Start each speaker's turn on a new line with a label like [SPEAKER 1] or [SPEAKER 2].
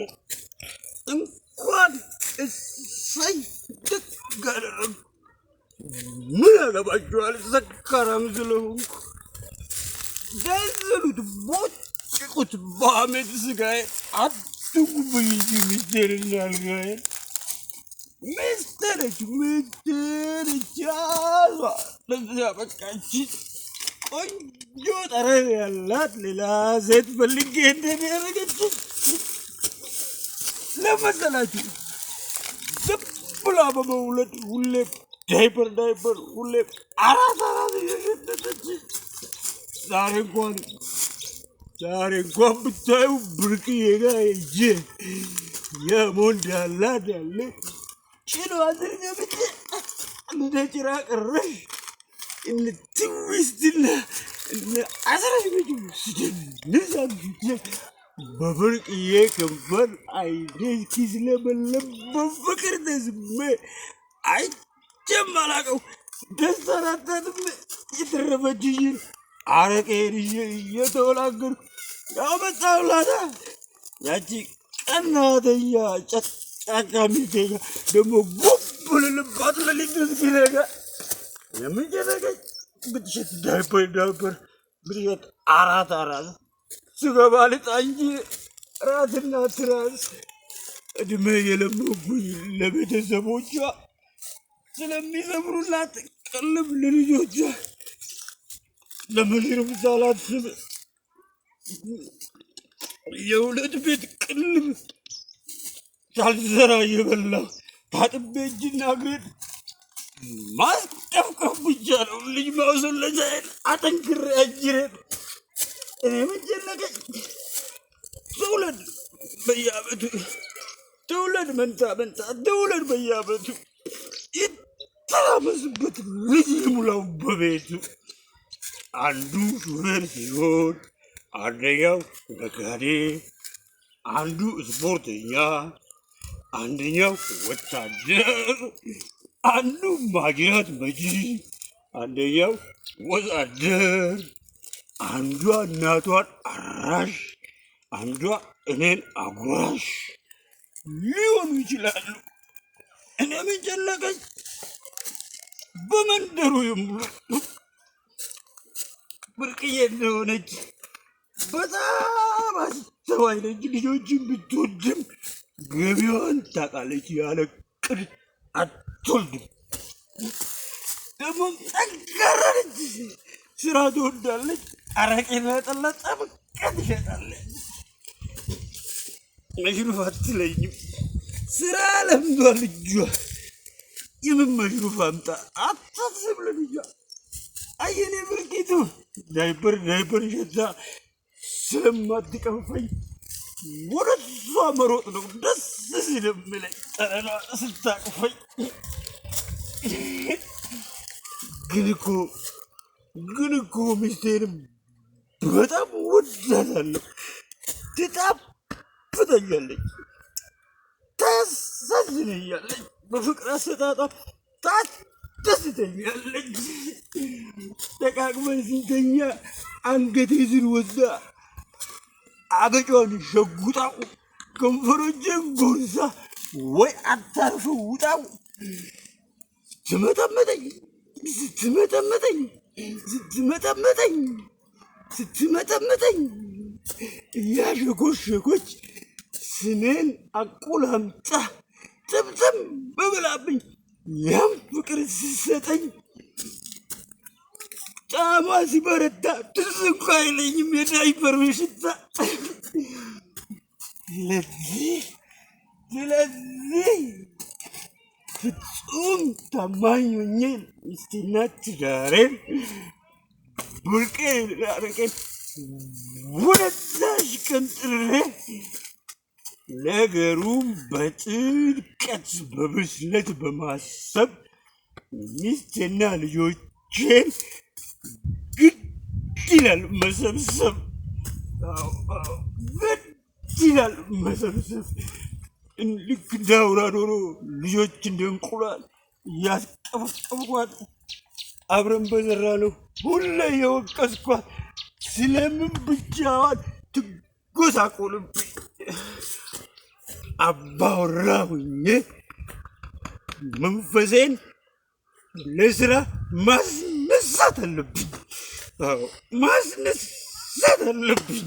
[SPEAKER 1] What e, is saydıklarım? Nerede başlarsa karamızlığım. Denzelüdü boç çıkıt bahmetisi gayet attı bu bilgimişlerinden gayet. Mestereç, mestereç, nasıl yapacağım? Koyuyor araya lat lila zet balık kendini araya ለመሰላችሁ ዝም ብሎ በመውለድ ሁሌ ዳይበር ዳይበር ሁሌ አራት አራት እየሸተተች ዛሬ እንኳን ዛሬ እንኳን ብታዩ ብርቅዬ ጋር ሂጅ የሞንድ ያላት ያለ ችሎ አድርገህ እንደ ጭራ ቀረሽ እንትን ዊስትና አስራሽ ቤቱ ስደንዛግ በብርቅዬ አይኔ አይኔን ለመለም በፍቅር ተስሜ አይቼም አላቀው ደሰራተንም የተረፈችኝን አረቄን እየተወላገዱ አመጣሁላታ ያቺ ቀናተኛ ጨጫቃ ሚስቴጋ ደግሞ ቡብልልባት ለሊደስ ቢረጋ የምንጨረቀኝ ብትሸት ዳይፐር ዳይፐር ብትሸት አራት አራት ስገባ ልጣኝ ራትና ትራስ እድሜ የለመጉኝ ለቤተሰቦቿ ስለሚዘምሩላት ቅልብ ለልጆቿ ለመሲር ምሳላት ስም የሁለት ቤት ቅልብ ሳልሰራ የበላ ታጥቤ እጅና እግሬን ማስቀፍቀፍ ብቻ ነው ልጅ ማውሰለጃዬን አጠንክሬ አጅሬን እኔ መጨነቀኝ ትውለድ በየአመቱ ትውለድ መንታ መንታ ትውለድ በየአመቱ ይተራመስበት ልጅ ይሙላው በቤቱ አንዱ ሹፌር ሲሆን አንደኛው ነጋዴ፣ አንዱ ስፖርተኛ፣ አንደኛው ወታደር፣ አንዱ ማግራት መቺ፣ አንደኛው ወዛደር አንዷ እናቷን አራሽ፣ አንዷ እኔን አጉራሽ ሊሆኑ ይችላሉ። እኔ ምን ጨነቀኝ? በመንደሩ የሙሉ ብርቅዬ እንደሆነች በጣም አስተዋይ ነች። ልጆችን ብትወድም ገቢዋን ታውቃለች። ያለ ቅድ አትወልድም። ደግሞም ጠንካራ ነች። ስራ ትወዳለች። አረቄ በጠለጠ ብቀት ይሸጣል። መሽሩፍ አትለኝም። ስራ ለምዷ ልጇ የምን መሽሩፍ አምጣ አታስብ ለልጇ አየኔ ብርቂቱ ዳይበር ዳይበር ሸታ ስለማትቀፈኝ ወደ እሷ መሮጥ ነው ደስ ሲለምለኝ ጠረኗ ስታቅፈኝ ግን እኮ ግን እኮ ሚስቴንም በጣም ወዳታለሁ። ትጣፍጠኛለች፣ ታሳዝነኛለች፣ በፍቅር አሰጣጧ ታስደስተኛለች። ተቃቅመን ስንተኛ አንገቴ ዝን ወዛ አገጯን ሸጉጣው ከንፈሮቼን ጎርሳ ወይ አታርፈ ውጣው ስትመጠመጠኝ ስትመጠመጠኝ ስትመጠመጠኝ ስትመጠመጠኝ እያሸጎሸጎች ስሜን አቆላምጣ ጥምጥም በበላብኝ ያም ፍቅር ስትሰጠኝ ጣማ ሲበረታ ትዝ እንኳ አይለኝም የዳይፐር ሽታ። ስለዚህ ስለዚህ ፍጹም ታማኝ ሆኜ ሚስቴና ትዳሬን ወርቄን አረቄን ወደታች ቀንጥሬ ነገሩን በጥልቀት በብስለት በማሰብ ሚስቴና ልጆቼን ግድ ይላል መሰብሰብ፣ ግድ ይላል መሰብሰብ። ልክ እንደ አውራ ዶሮ ልጆች እንደ እንቁላል እያስጠፈጠፍኳት አብረን በዘራ ነው ሁሌ የወቀስኳት። ስለምን ብቻዋን ትጎሳቆልብኝ? አባወራ ሁኜ መንፈሴን ለስራ ማስነሳት አለብኝ፣ ማስነሳት አለብኝ።